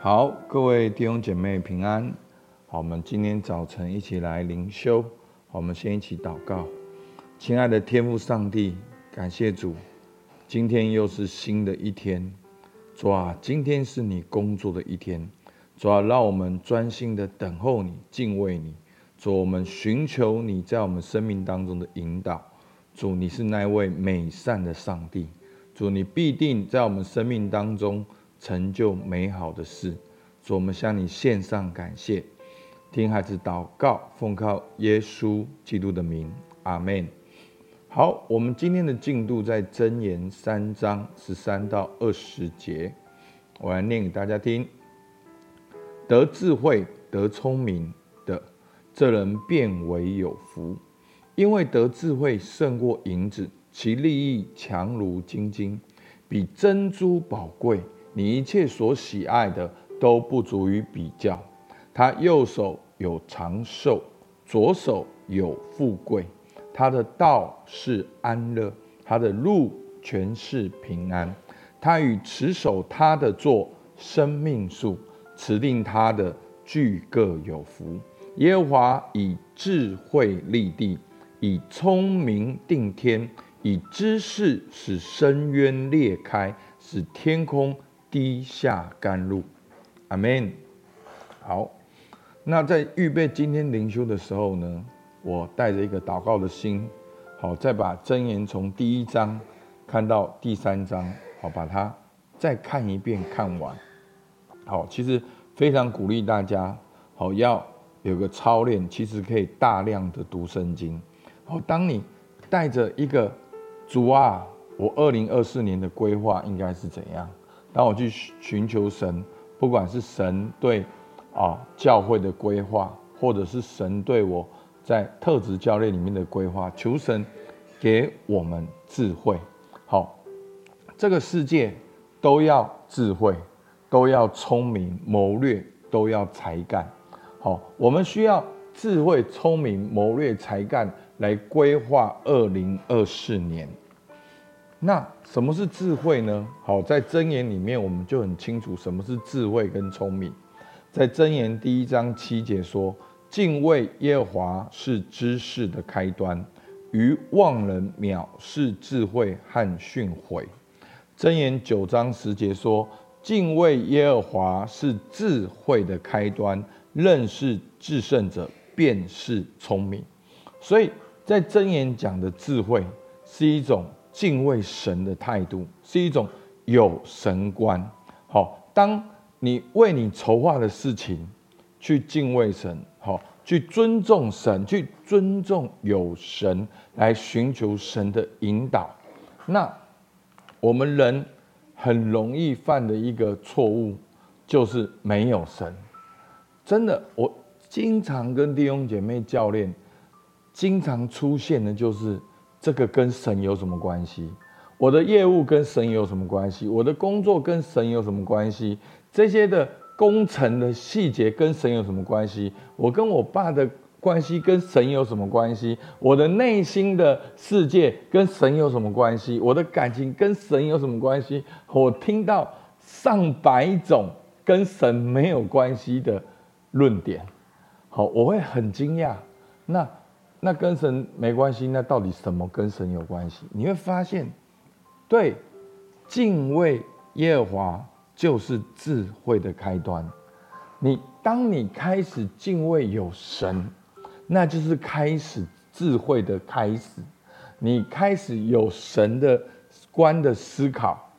好，各位弟兄姐妹平安。好，我們今天早晨一起來靈修。我們先一起禱告，親愛的天父上帝，感謝主，今天又是新的一天。主啊，今天是你工作的一天。主啊，讓我們專心的等候你，敬畏你。主啊，我們尋求你在我們生命當中的引導。主，你是那位美善的上帝。主，你必定在我們生命當中。成就美好的事，所以我們向你獻上感謝。聽孩子禱告，奉靠耶穌基督的名，阿門。好，我們今天的進度在箴言三章十三到二十節，我來念給大家聽。得智慧、得聰明的，這人便為有福，因為得智慧勝過銀子，其利益強如精金，比珍珠寶貴。你一切所喜愛的，都不足以比較。他右手有長壽，左手有富貴。他的道是安樂，他的路全是平安。他與持守他的作生命樹，持定他的，俱各有福。耶和華以智慧立地，以聰明定天，以知識使深淵裂開，使天空。滴下甘露，阿門。好，那在預備今天靈修的時候呢，我帶着一個禱告的心，好，再把箴言從第一章看到第三章，好，把它再看一遍，看完。好，其實非常鼓勵大家，好，要有個操練，其實可以大量的讀聖經。好，當你帶着一個主啊，我二零二四年的規劃應該是怎樣？讓我去尋求神，不管是神對啊教會的規劃，或者是神對我在特質教練裡面的規劃，求神給我們智慧。好，這個世界都要智慧，都要聰明、謀略，都要才幹。好，我們需要智慧、聰明、謀略、才幹來規劃二零二四年。那什麼是智慧呢？好，在箴言裡面我們就很清楚什麼是智慧跟聰明。在箴言第一章七節說：“敬畏耶和華是知識的開端，愚妄人藐視智慧和訓誨。”箴言九章十節說：“敬畏耶和華是智慧的開端，認識至聖者便是聰明。”所以在箴言講的智慧是一種。敬畏神的態度是一種有神觀。好，當你為你籌劃的事情去敬畏神，好，去尊重神，去尊重有神來尋求神的引導。那我們人很容易犯的一個錯誤就是沒有神。真的，我經常跟弟兄姐妹教練經常出現的就是。這個跟神有什麼關係？我的業務跟神有什麼關係？我的工作跟神有什麼關係？這些的工程的細節跟神有什麼關係？我跟我爸的關係跟神有什麼關係？我的內心的世界跟神有什麼關係？我的感情跟神有什麼關係？我聽到上百種跟神沒有關係的論點。好，我會很驚訝。那。那跟神沒關係，那到底什麼跟神有關係？你會發現，對，敬畏耶和華就是智慧的開端。你當你開始敬畏有神，那就是開始智慧的開始。你開始有神的觀的思考，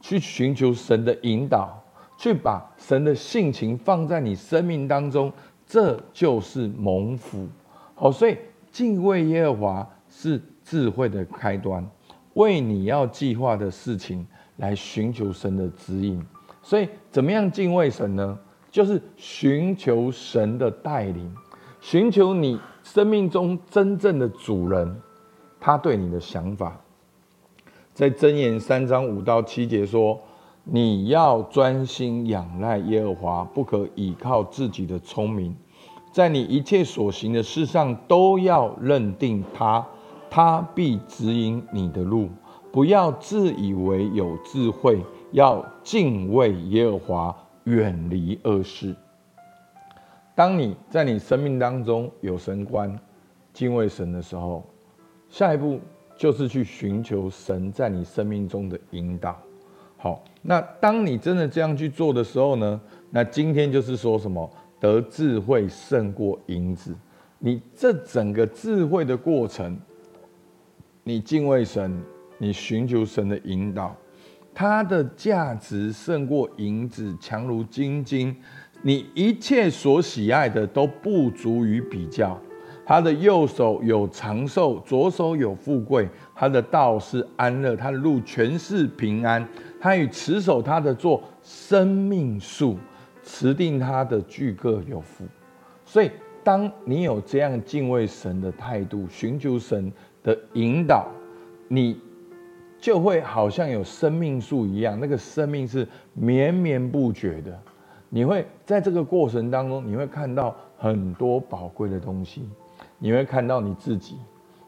去尋求神的引導，去把神的性情放在你生命當中，這就是蒙福。好，所以。敬畏耶和華是智慧的開端，為你要計劃的事情來尋求神的指引。所以，怎麼樣敬畏神呢？就是尋求神的帶領，尋求你生命中真正的主人，他對你的想法。在箴言三章五到七節說：“你要專心仰賴耶和華，不可倚靠自己的聰明。”在你一切所行的事上都要認定他，他必指引你的路。不要自以為有智慧，要敬畏耶和華，遠離惡事。當你在你生命當中有神觀、敬畏神的時候，下一步就是去尋求神在你生命中的引導。好，那當你真的這樣去做的時候呢？那今天就是說什麼？得智慧勝過銀子，你這整個智慧的過程，你敬畏神，你尋求神的引導，他的價值勝過銀子，強如精金。你一切所喜愛的都不足與比較。他的右手有長壽，左手有富貴。他的道是安樂，他的路全是平安。他與持守他的作生命樹。持定他的俱各有福，所以當你有這樣敬畏神的態度，尋求神的引導，你就會好像有生命樹一樣，那個生命是綿綿不絕的。你會在這個過程當中，你會看到很多寶貴的東西，你會看到你自己，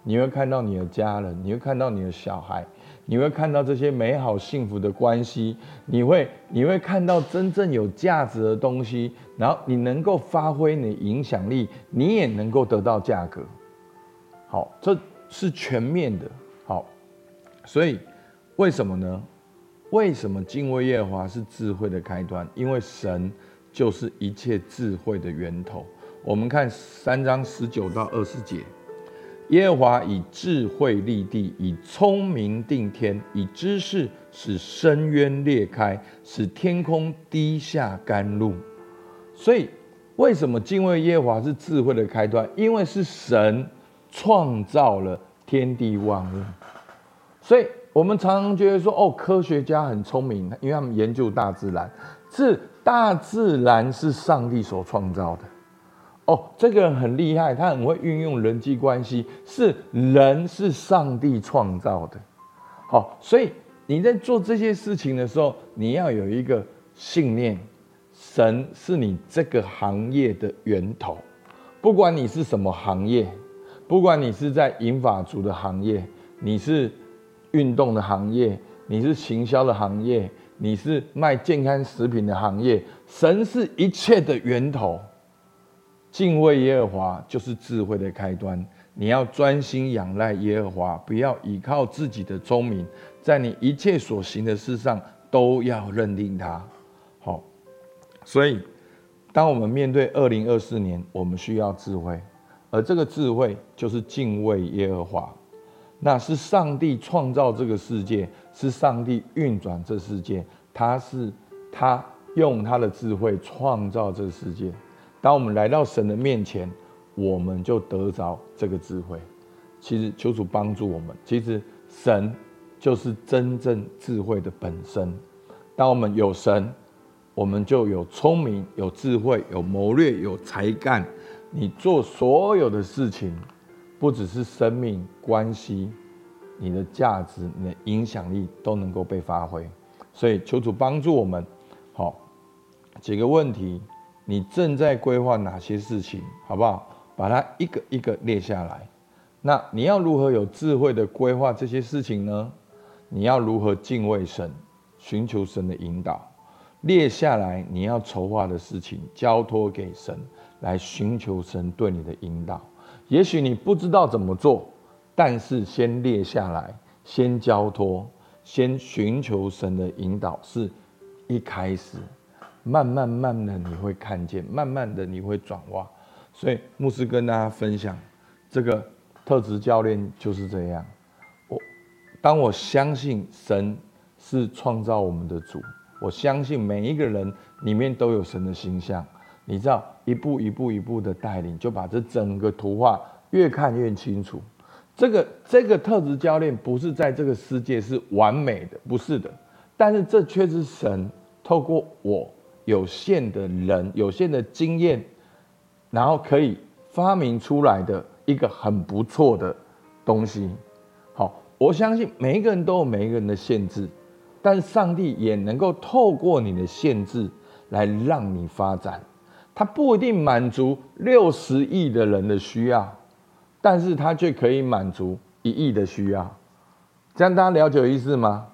你會看到你的家人，你會看到你的小孩。你會看到這些美好幸福的關係，你會你會看到真正有價值的東西，然後你能夠發揮你影響力，你也能夠得到價格。好，這是全面的。好，所以為什麼呢？為什麼敬畏耶和華是智慧的開端？因為神就是一切智慧的源頭。我們看三章十九到二十節。耶和華以智慧立地，以聰明定天，以知識使深淵裂開，使天空滴下甘露。所以，為什麼敬畏耶和華是智慧的開端？因為是神創造了天地萬物。所以我們常常覺得說，哦，科學家很聰明，因為他們研究大自然。是大自然是上帝所創造的。哦，這個人很厲害，他很會運用人際關係。是人是上帝創造的，好，所以你在做這些事情的時候，你要有一個信念：神是你這個行業的源頭。不管你是什麼行業，不管你是在銀髮族的行業，你是運動的行業，你是行銷的行業，你是賣健康食品的行業，神是一切的源頭。敬畏耶和華就是智慧的開端。你要專心仰賴耶和華，不要倚靠自己的聰明，在你一切所行的事上都要認定他。好，所以，當我們面對二零二四年，我們需要智慧，而這個智慧就是敬畏耶和華。那是上帝創造這個世界，是上帝運轉這個世界，他是他用他的智慧創造這個世界。當我們來到神的面前，我們就得着這個智慧。其實求主幫助我們。其實神就是真正智慧的本身。當我們有神，我們就有聰明、有智慧、有謀略、有才幹。你做所有的事情，不只是生命關係，你的價值、你的影響力都能夠被發揮。所以求主幫助我們。好，哦，幾個問題。你正在規劃哪些事情，好不好？把它一個一個列下來。那你要如何有智慧地規劃這些事情呢？你要如何敬畏神，尋求神的引導？列下來你要籌劃的事情，交托給神，來尋求神對你的引導。也許你不知道怎麼做，但是先列下來，先交托，先尋求神的引導，是一開始。慢，慢慢慢的你會看見，慢慢的你會轉化。所以牧師跟大家分享，這個特質教練就是這樣。我當我相信神是創造我們的主，我相信每一個人裡面都有神的形象。你知道，一步一步一步的帶領，就把這整個圖畫越看越清楚。這個這個特質教練不是在這個世界是完美的，不是的。但是這卻是神透過我。有限的人，有限的經驗，然後可以發明出來的一個很不錯的東西。好，我相信每一個人都有每一個人的限制，但是上帝也能夠透過你的限制來讓你發展。他不一定滿足六十億的人的需要，但是他卻可以滿足一億的需要。這樣大家了解意思嗎？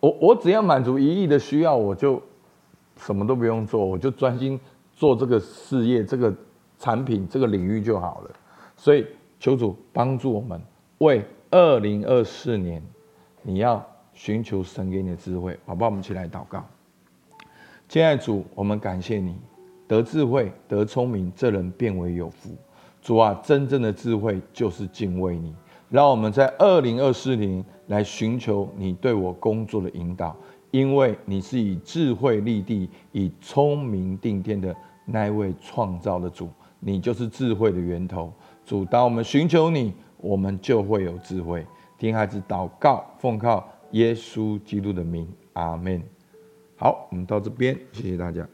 我我只要滿足一億的需要，我就。什麼都不用做，我就專心做這個事業、這個產品、這個領域就好了。所以求主幫助我們，為二零二四年，你要尋求神給你的智慧。好，我們一起來禱告。親愛的主，我們感謝你，得智慧、得聰明，這人便為有福。主啊，真正的智慧就是敬畏你。讓我們在二零二四年來尋求你對我工作的引導，因為你是以智慧立地、以聰明定天的那位創造的主，你就是智慧的源頭。主，當我們尋求你，我們就會有智慧。聽孩子禱告，奉靠耶穌基督的名，阿門。好，我們到這邊，謝謝大家。